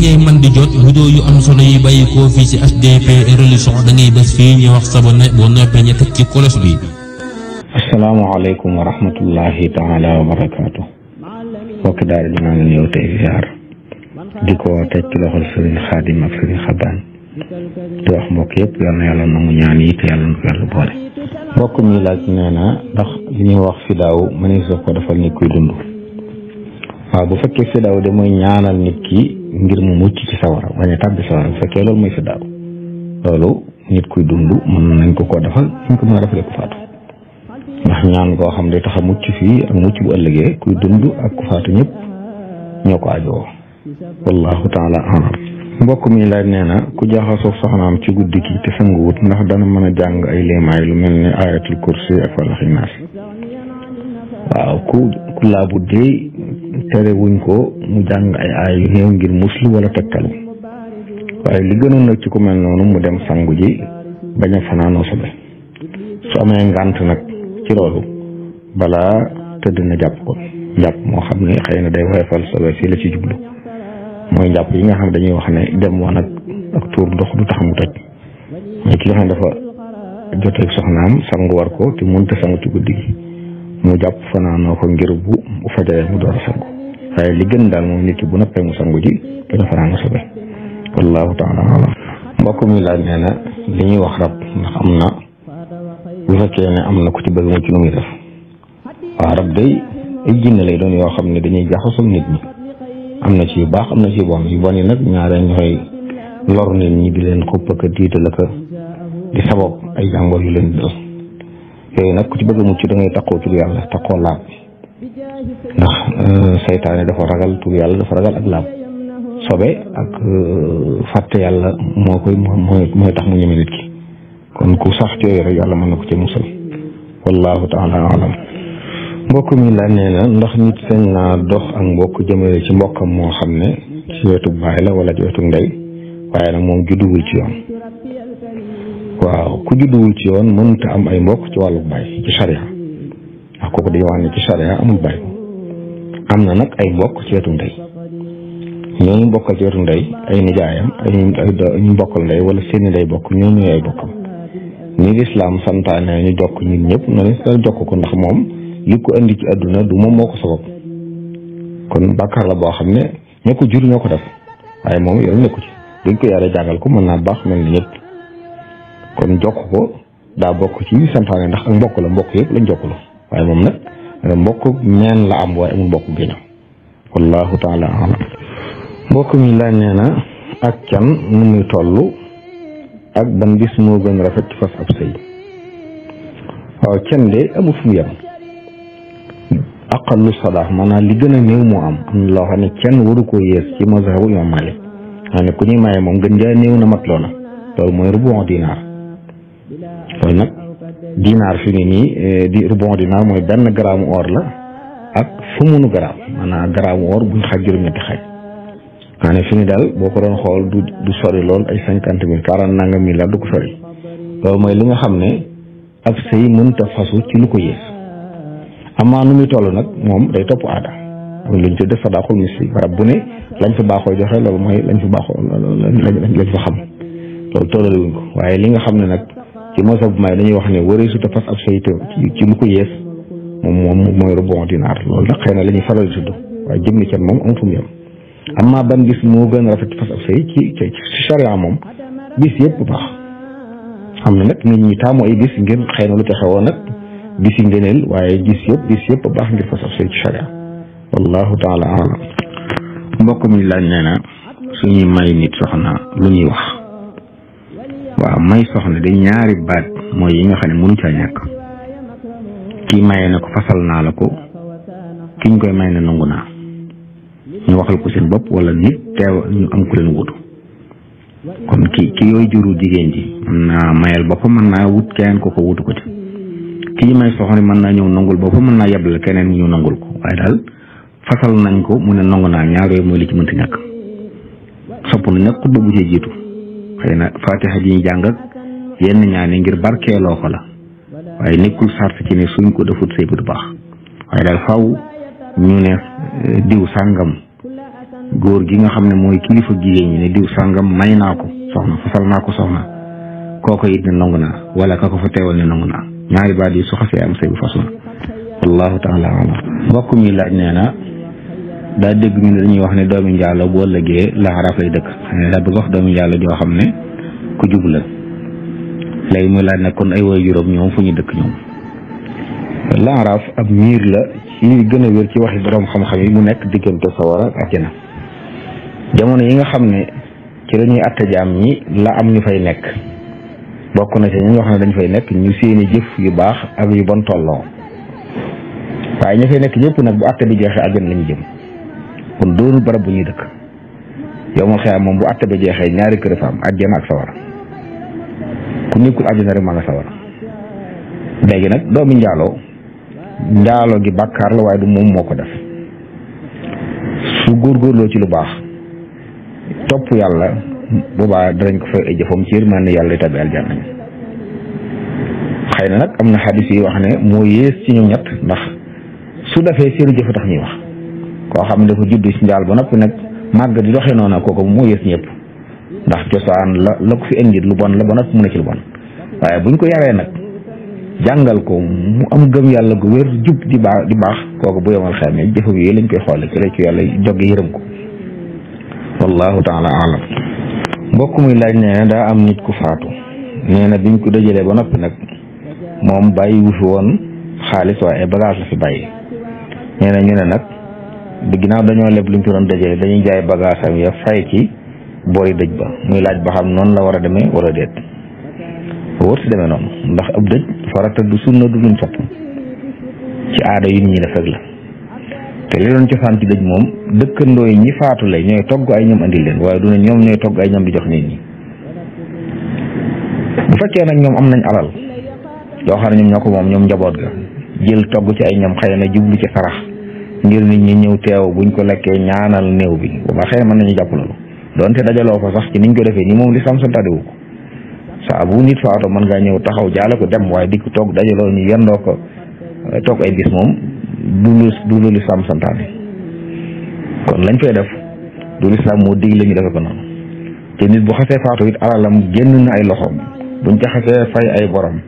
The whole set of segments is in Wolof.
ngay man di jot vidéo yu am solo yi bàyyi koo fii ci HDP religion da ngay bés fii ñu wax sabone boo noppee ñu ci kolos bi asalaamaaleykum wa rahmatullahi taala wa barakaatu mbokki daara di ko teg ci loxol sëriñ xaadim ak sëriñ xabaan di wax mbokk yëpp yal na yàlla nangu ñaan yi te yàlla na ko yàlla boole mbokk mi laaj nee na ndax li ñuy wax fi daaw mënees ko defal ni kuy dund waaw bu fekkee fiddaaw de mooy ñaanal nit ki ngir mu mucc ci sawara bañ a tàbbi sawara bu fekkee loolu mooy fiddaaw loolu nit kuy dund mën nañ ko koo defal ñu ko mën a defalee ku koo xam day tax a mucc fii ak kuy dund ak ku faatu ñëpp ñoo ko ajoo wallahu taala alam mbokk mi laaj nee na ku jaaxasoo soxnaam ci guddi gi te sanguwut ndax dana mën a jàng ay léemaay lu mel ni ayatul kursi ak falaxi naas waaw ku laabu dee tere wuñ ko mu jàng ay aay ngir muslu wala tegtalu waaye li gënoon nag ci ku mel noonu mu dem sangu ji bañ a fanaanoo sobe su amee ngànt nag ci loolu balaa tëdd na jàpp ko njàpp moo xam ne xëy na day woyofal sobe si la ci jublu mooy njàpp yi nga xam dañuy wax ne dem woon nag ak dox ndox du tax mu toj mooy ki nga xam dafa joteeg soxnaam sangu war ko te mënta sangu ci guddi mu jàpp fanaanoo ko ngir bu bu fajaree mu door a sangu waaye li gën daal moom nit ki bu noppee mu sangu ji dina fanaanoo sobe wallahu taala alam mbokk mi laaj nee na li ñuy wax rab ndax am na bu fekkee ne am na ku ci bëgg mu ci nu muy def waaw rab day ay jinne lay doon yoo xam ne dañuy jaxasoo nit ñi am na ci yu baax am na ci yu bon yu bon yi nag ñaare ñooy lor nit ñi di leen xupp ak a diital ak di sabab ay jàngoor yu leen dal yooyu nag ku ci bëgg a mucc ngay takkoo tur yàlla takkoo laab ndax euh, saytaane dafa ragal tur yàlla dafa ragal ak laab sobe ak euh, fàtte yàlla moo koy mooy mooy tax mu ñeme nit ki kon ku sax ci yooyu rek yàlla mën na ko ci musal wallahu taala alam mbokk mi laaj nee na ndax nit sañ naa dox ak mbokk jëmale ci mbokkam moo xam ne ci wetu baay la wala ci wetu ndey waaye nag moom judduwul ci yoon waaw ku judduwul ci yoon mënut a am ay mbokk ci wàllu baay ci sharia waaw kooku di wax ne ci sharia amul baay am na nag ay mbokk ci wetu ndey ñooñu bokkal ci wetu ndey ay nijaayam ay ñu bokkal ndey wala seeni ndey bokk ñooñu ñooy ay bokkam ni lislaam santaane ñu jokk ñun ñëpp ko ndax moom li ko indi ci àdduna du moom moo ko sabab kon bàkkaar la boo xam ne ñoo ko jur ñoo ko def waaye moom yoon nekku ci duñ ko yàlla jàngal ko mën naa baax mel kon jokk ko daa bokk ci santaane ndax ak mbokk la mbokk yëpp lañ jokk la waaye moom na eh, mbokk meen la am mbokk ginnaaw wallahu taala alam mi laaj nee na ak can nu muy toll ak ban bis moo gën rafet ci fas ab sëy waaw can de amul fu mu yem sadaax maanaam li gën a néew moo am am na ne can waru koo yées ci mazhabu imam Malik maa ne ku ñuy maye moom gën jaa néew na mat loola loolu mooy rubu dinaar loolu nag dinaar fi ne nii eh, di bon dinaar mooy benn gramme or la ak fumunu gramme maanaam gramme or buñ xaj juróom-ñetti xaj maanaam fi ni boo ko doon xool du du sori lool ay cinquante mille quarante nangam mille du ko sori mooy li nga xam ne ab sëy mënta fasu ci lu nu muy toll nag moom day topp aada luñ def fa daaxul baaxoo joxe loolu mooy lañ waaye li nga xam ne nag ci masab may dañuy wax ne waree su fas ab saytu ci lu ko yees moom mooy rubu dinaar loolu nag xëy na la ñuy faral di tudd waaye jëmmi can moom am fu mu yem ban bis moo gën a rafet fas ab say ci ci moom bis yëpp baax xam ne nag nit ñi taamu ay bis ngir xëy na lu ca xewoon nag bis yi waaye gis yëpp bis yëpp baax ngir fas ab say ci charia wallahu taala alam mbokk mi laaj nee na suñuy may nit soxna lu ñuy wax waaw may soxna di ñaari baat mooy yi nga xam ne mënu caa nekk kii maye na ko fasal naa la ko kiñ koy may ne nangu naa ñu waxal ko seen bopp wala nit teew ñu am ku leen wutu kon ki ki yooyu juru jigéen ji mën naa mayal boppam mën naa wut keneen ko ko wutu ko ci kii may soxna mën naa ñëw nangul boppam mën naa yebbal keneen ñu nangul ko waaye daal fasal nañ ko mu ne nangu naa ñaar yooyu mooy li ci mënta ñàkk sopp na nag xutba bu cee jiitu xëy na fatiha ji ñu yenn ñaani ngir barkeeloo ko la waaye nekkul sart ci ne suñ ko defut sëy bu baax waaye daal faw ñu ne eh, diw sangam góor gi nga xam ne mooy kilifa jigéen ñi ne diw sàngam may naa ko soxna fasal naa ko soxna kooko it ne nangu naa wala ka ko fa teewal ne nangu naa ñaari baat yi su xasee am sëy bu fasu na alam mbokk mi laaj nee daa dégg ñu ne dañuy wax ne doomi njaalo bu ëllëgee laaraaf lay dëkk daa bëgg wax doomi njaalo joo xam ne ku jub la léegi muy laaj nag kon ay way juróom ñoom fu ñu dëkk ñoom laaraaf ab miir la ci gën a wér ci waxi borom xam yi mu nekk diggante sawara ak àjjana jamono yi nga xam ne ci la ñuy ñi la am ñu fay nekk bokk na ci ñu nga xam ne dañ fay nekk ñu seeni jëf yu baax ak yu bon tolloo waaye ña fay nekk ñëpp nag bu atte bi jeexee àjjana lañu jëm kon doonu barab bu ñuy dëkk yow ma xëy moom bu àtte ba jeexee ñaari kër fa am àjjana ak sawara ku nekkul ma nga sawara léegi nag doomi njaaloo njaaloo gi bàkkaar la waaye du moom moo ko def su góorgóorloo ci lu baax topp yàlla boobaa danañ ko fay ay jëfam ci yërmande yàlla tabi aljanna xëy na nag am na xadis yi wax ne moo yées ci ñoom ñett ndax su defee seenu jëfa tax ñuy wax koo xam ne ko juddu ci njaal ba noppi nag màgg di doxee noonu kooku moo yës ñëpp ndax cosaan la la ko fi indi lu bon la ba noppi mu ne ci lu bon waaye buñ ko yaree nag jàngal ko mu am gëm yàlla gu wér jub di baax di baax kooku bu yomal xel mais jëfam yooyu lañ koy xoole ci la ci yàlla jóge yërëm ko wallahu taala alam mbokk muy laaj nee na daa am nit ku faatu nee biñ ko dëjalee ba noppi nag moom bàyyi wu fi woon xaalis waaye bagage la fi bàyyi ginaaw dañoo leb luñ ko doon dajale dañuy jaay bagage am ya fay ci boori dëj ba muy laaj ba xam noonu la war a demee wala déet wóor si demee noonu ndax ab dëj farata du sunna du luñ sopp ci aada yu nit ñi def rek la te li doon cosaan ci dëj moom dëkkandoo yi ñi faatu lay ñooy togg ay ñoom andil leen waaye du ne ñoom ñooy togg ay ñoom di jox nii ñi bu fekkee nag ñoom am nañ alal yoo xam ne ñoom ñoo ko moom ñoom njaboot ga jël togg ci ay ñam xëy na jublu ci sarax ngir nit ñi ñëw teew buñ ko lekkee ñaanal néew bi bu baxee mën nañu jàpp loolu donte dajaloo ko sax ci niñ ko defee nii moom li santaane wu ko saa bu nit faatoo mën ngaa ñëw taxaw jaale ko dem waaye di ko toog dajaloo ñu yendoo ko eh, toog ay bis moom du lu kon lañ fay def du lislaam moo digle ñu defe ko noonu te nit bu xasee faatu it alalam génn na ay loxoom buñ ca xasee fay ay borom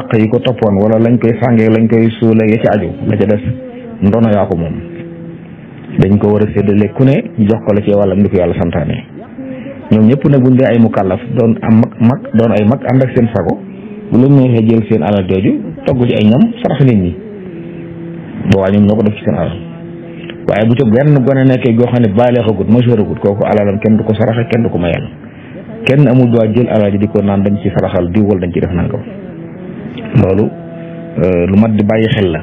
àq yi ko toppoon wala lañ koy sàngee lañ koy suulee ya ci aju la def ndono ya ko mom dañ ko wara sédélé ku né jox ko la ci walam ni yalla amak ñom ñepp ñëpp nag buñ ay mukallaf doon am mak mak doon ay mak ànd ak seen sago bu lu neexee jël seen ala doju toggu ci ay ñam sarax nit ñi bo wañu ñoko def ci seen ala waye bu ci benn gone balé goo gut koku ala kenn du ko saraxe kenn du ko mayal kenn amul do jël ala ji di ko naan dañ ci saraxal di wol dañ ci def nangam euh lu mat di bayyi xel la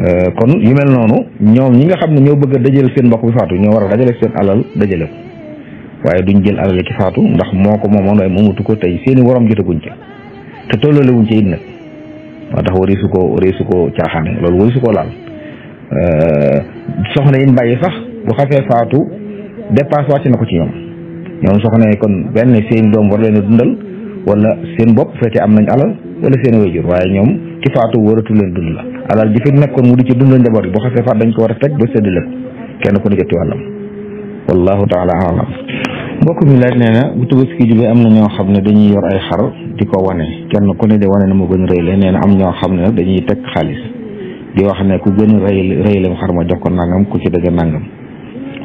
Euh, kon yu mel noonu ñoom ñi nga xam ne ñoo bëgg a dajale seen mbokk bi faatu ñoo war a seen alal dajale waaye duñ jël alal ki faatu ndax moo ko moom waaye moomatu ko tey seeni waroom jotaguñ ca te tolloolewuñ ca it nag moo tax warisu ko warisu ko caaxaane loolu warisu koo laal euh, soxna yi bàyyi sax bu xasee faatu dépasse wàcc na ko ci ñoom ñoom soxna yi kon benn seen doom war leen a dundal wala seen bopp fekkee am nañ alal wala seen wayjur waaye ñoom ci faatu waratu leen dund la alal ji fi nekkoon mu di ci dund njaboot gi boo xasee faat dañ ko war a teg ba séddale ko kenn ku ne jot ci wàllam wallahu taala alam mbokk mi laaj nee na bu tabaski jubee am na ñoo xam ne dañuy yor ay xar di ko wane kenn ku ne di wane ne mu gën rëy la nee na am ñoo xam ne dañuy teg xaalis di wax ne ku gën a rëy rëy lam xar ma jox ko nangam ku ci dëgg nangam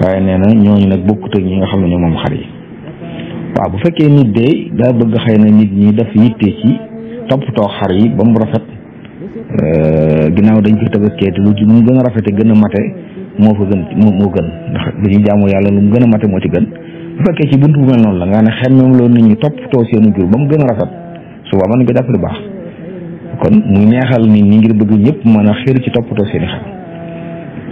waaye nee na ñooñu nag bokkut ak ñi nga xam ne ñoo moom xar yi waaw bu fekkee nit de daa bëgg xëy na nit ñi daf yitte ci toppatoo xar yi ba mu rafet euh, ginnaaw dañ ko tabaskee te lu ci mu gën a rafete gën a mate moo fa gën moo gën ndax bu ñu jaamu yàlla lu mu gën a mate moo ci gën bu fekkee ci bunt bu mel noonu la nga ne xemmeem loolu nit ñi toppatoo seenu jur ba mu gën a rafet suba mën nañ ko jàpp lu baax kon muy neexal nit ñi ngir bëgg ñëpp mën a ci toppatoo seeni xar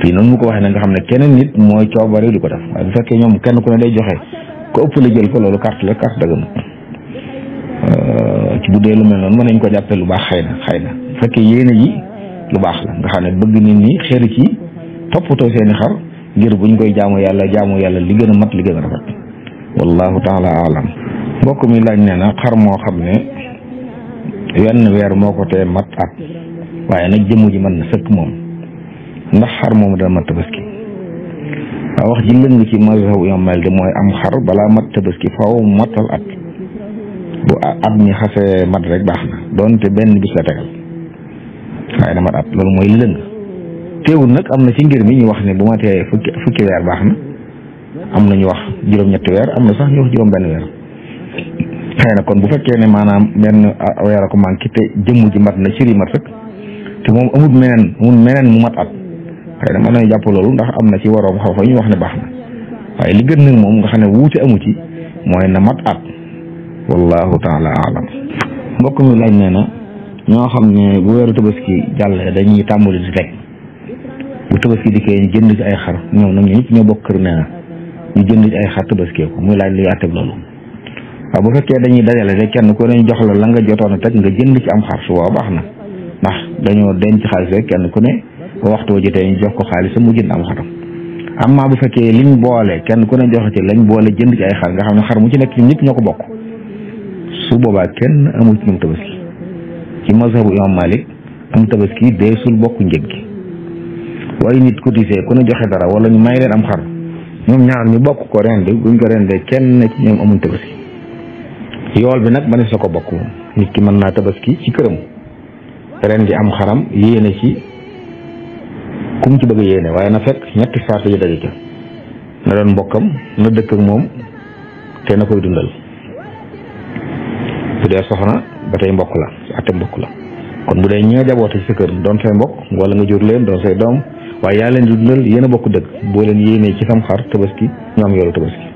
fii mu ko waxee na xam ne keneen nit mooy coobare di ko def waaye bu fekkee ñoom kenn ku ne day joxe ko ëpp la jël ko loolu carte la carte daganut euh, ci bu dee lu mel noonu mën nañ ko jàppee lu baax xëy na xëy na bu fekkee yéene ji lu baax la nga xam ne bëgg nit ñi xëri ci toppatoo seeni xar ngir buñ koy jaamu yàlla jaamu yàlla li gën a mat li gën a rafet wallahu taala alam mbokk mi nee na xar moo xam ne weer moo ko tee mat at waaye nag jëmu ji man na sëkk moom ndax xar moomu dana mat tabaski wax ji lëng ci mazhabu mooy am xar balaa mat tabaski faw matal at bu at mi xasee mat rek baax na doonte benn bis la tegal waaye na mat at loolu mooy lëng teewul nag am na ci ngir mi ñu wax ne bu ma tee fukki weer baax na am na ñu wax juróom-ñetti weer am na sax ñu wax juróom-benn weer xëy na kon bu fekkee ne maanaam benn weer a ko manqué jëmm ji mat na siri mat rek te moom amut meneen meneen mu mat at xëy na mën jàpp loolu ndax na ci waroom xaw fa ñu wax ne baax waaye li gën nag moom nga xam ne wuute amu ci mooy na mat at wallahu taala alam mbokk mi laaj nee na ñoo xam ne bu weeru tabaski jàllee dañuy tàmbali di lekk bu tabaski dikkee ñu jënd ci ay xar ñoom nag ñu ñoo bokk kër nee ñu jënd ci ay xar tabaskee ko muy laaj luy àtteeb loolu waaw bu fekkee dañuy dajale rek kenn ku ne jox la la nga jotoon a teg nga jënd ci am xar su baax na ndax dañoo denc xaalis kenn ku ne ba waxtu jotee ñu jox ko xaalisam mu jënd am xaram amma bu fekkee liñ boole kenn ku ne joxe ci lañ boole jënd ci ay xar nga xam ne xar mu ci nekk ñun ñëpp ko bokk su boobaa kenn amul ci ñoom tabaski ci mazhabu imam Malik am tabaski bokk njëg gi waaye nit cotisé ku ne joxe dara wala ñu may leen am xar ñoom ñaar ñu bokk ko rende buñ ko rendee kenn ci ñoom amul tabaski yool bi nag ma ne soo ko bokk nit ki mën naa tabaski ci këram ren di am xaram yéene ci ku mu ci bëgg yéene waaye na fekk ñetti sart yu daje ca na doon mbokkam na dëkk ak moom te koy dundal bu dee soxna ba tey mbokk la ci atte mbokk la kon bu dee ñi nga jaboote sa kër doon say mbokk wala nga jur leen doon say doom waaye yaa leen di dundal yéen a bokk dëkk boo leen yéenee ci sam xar tabaski ñoom yoolu tabaski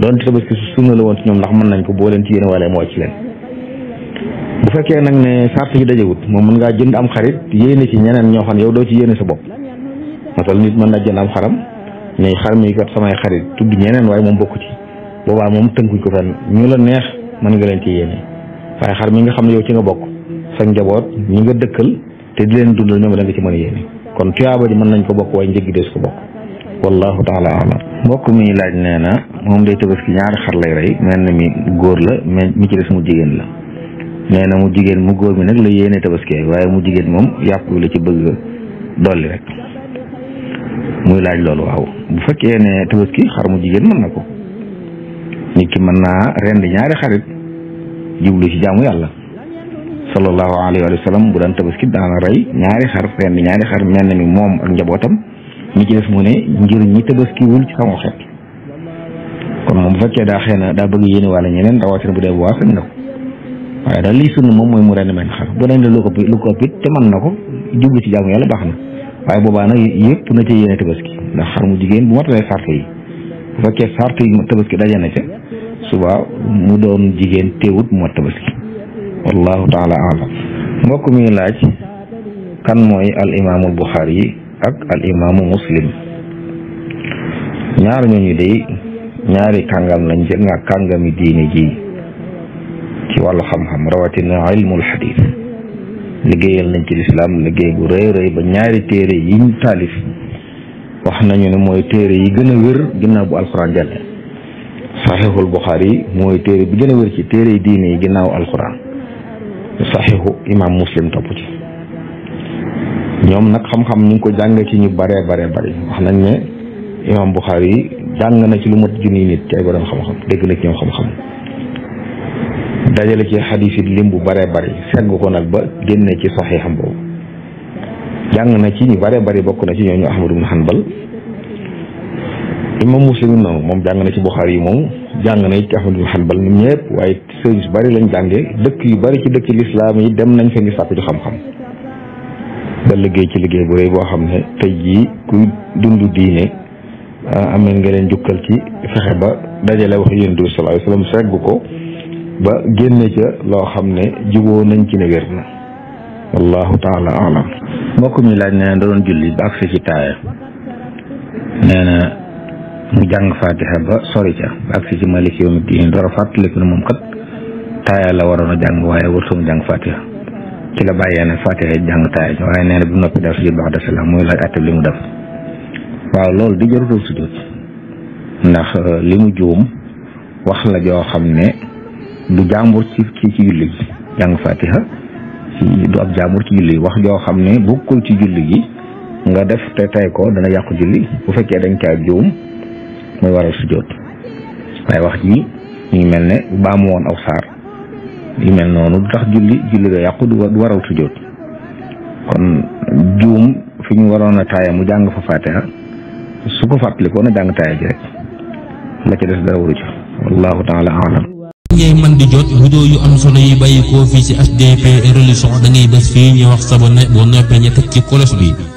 doonte tabaski su sunna la woon ñoom ndax mën nañ ko boo leen ci yéene walee moo ci leen bu fekkee nag ne sart yi dajewut moom mën ngaa jënd am xarit yéene ci ñeneen ñoo xam yow doo ci yéene sa bopp moo tax nit mën na jënd am xaram ni xaram yi kat samay xarit tudd ñeneen waaye moom bokku ci boobaa moom tënkuñ ko fenn ñu la neex mën nga leen ci yéene waaye xar mi nga xam ne yow ci nga bokk sa njaboot ñu nga dëkkal te di leen dundal ñoom da nga ci mën a kon tuyaaba ji mën nañ ko bokk waaye njëggi des ko bokk wallahu taala alam mbokk mi laaj nee na moom day tëbës ki ñaari xar lay rey mel na mi góor la mais mi ci des mu jigéen la nee na mu jigéen mu góor mi nag la yéene tabaski waaye mu jigéen moom yàpp la ci bëgg dolli rek muy laaj loolu waaw bu fekkee ne tabaski xar mu jigéen mën na ko nit ki mën naa rend ñaari xarit jublu ci jaamu yàlla sallallahu alayhi wa sallam bu daan tabaski daana rey ñaari xar rend ñaari xar menn moom ak njabootam ñi ci des mu ne ñi tabaski wul ci sama xeet bu daa xëy na daa bëgg yéene wala ñeneen rawatina bu dee bu waa sañ na ko waaye daal lii sunna moom mooy mu rend men xar bu rend lu ko lu te mën na ko jublu ci jaamu yàlla baax na waaye boobaa nag yëpp na ca yéene tabaski ndax xar mu jigéen bu matalee sart yi bu fekkee sart yi tabaski daje na ca suba mu doon jigéen teewut mu mat tabaski wallahu taala alam mbokk mi laaj kan mooy al imaamul buxaari yi ak al imaamu muslim ñaar ñooñu day ñaari kàngam lañ jël nga kàngami ji ci wàllu xam-xam rawatina ilmul xadiis liggéeyal nañ ci lislaam liggéey bu rëy rëy ba ñaari téere yi ñu taalif wax nañu ne mooy téere yi gën a wér ginnaaw bu alxuraan jàlle saxiixul buxaari mooy téere bi gën a wér ci téere yi diine yi ginnaaw alxuraan saxiixu imaam muslim topp ci ñoom nag xam-xam ñu ngi ko jàng ci ñu bare bare bari wax nañ ne imaam buxaari jàng na ci lu mat junniy nit ci ay borom xam-xam dégg na ñoom xam-xam dajale ci xadis lim bu bare bari segg ko nag ba génne ci saxiixam boobu jàng na ci ñu bare bari bokk na ci ñoo ñooñu Ahmad ibn Hanbal imam muslim noonu moom jàng na ci Buxaari yi moom jàng na ci Ahmad ibn Hanbal ñoom ñëpp waaye service bari lañ jàngee dëkk yu bari ci dëkk lislaam yi dem nañ seen ngi sàkku ci xam-xam da liggéey ci liggéey bu rëy boo xam ne tey jii kuy dund diine ah, amee nga leen jukkal ci fexe ba dajale wax yonent bi sallallahu alayhi wa ko ba génne ca loo xam ne juboo nañ ci ne wér na wallahu taala alam na da doon julli ba agsi ci taaya nee na mu jàng fatiha ba sori ca ba agsi ci maliki yawmi moom kat taaya la waroon a jàng waaye warut mu jàng la bàyyee nag fatiha jàng taaya noppi def sujud ba'da salaam muy laaj li mu def waaw loolu di jarutul sujud ndax uh, li mu juum wax la joo xam ne du jaambur ci ci ci julli gi jàng fatiha ci du ab jaambur ci julli wax joo xam ne bokkul ci julli gi nga def te tay ko dana yàqu julli bu fekkee dañ caa juum mooy waral sujjóot waaye wax ji ñu ngi mel ne baamu woon aw saar yu mel noonu du tax julli julli ga yàqu du waral sujjóot kon juum fi ñu waroon a taaya mu jàng fa fatiha su ko fàttalikoo a jàng taaya ji rek la ca des dara waru ca wallahu taala alam ngay man di jot vidéo yu am solo yi bàyyi koo fii ci HDP religion da ngay bés fii ñu wax sabonné boo noppee ñu teg ci cloche bi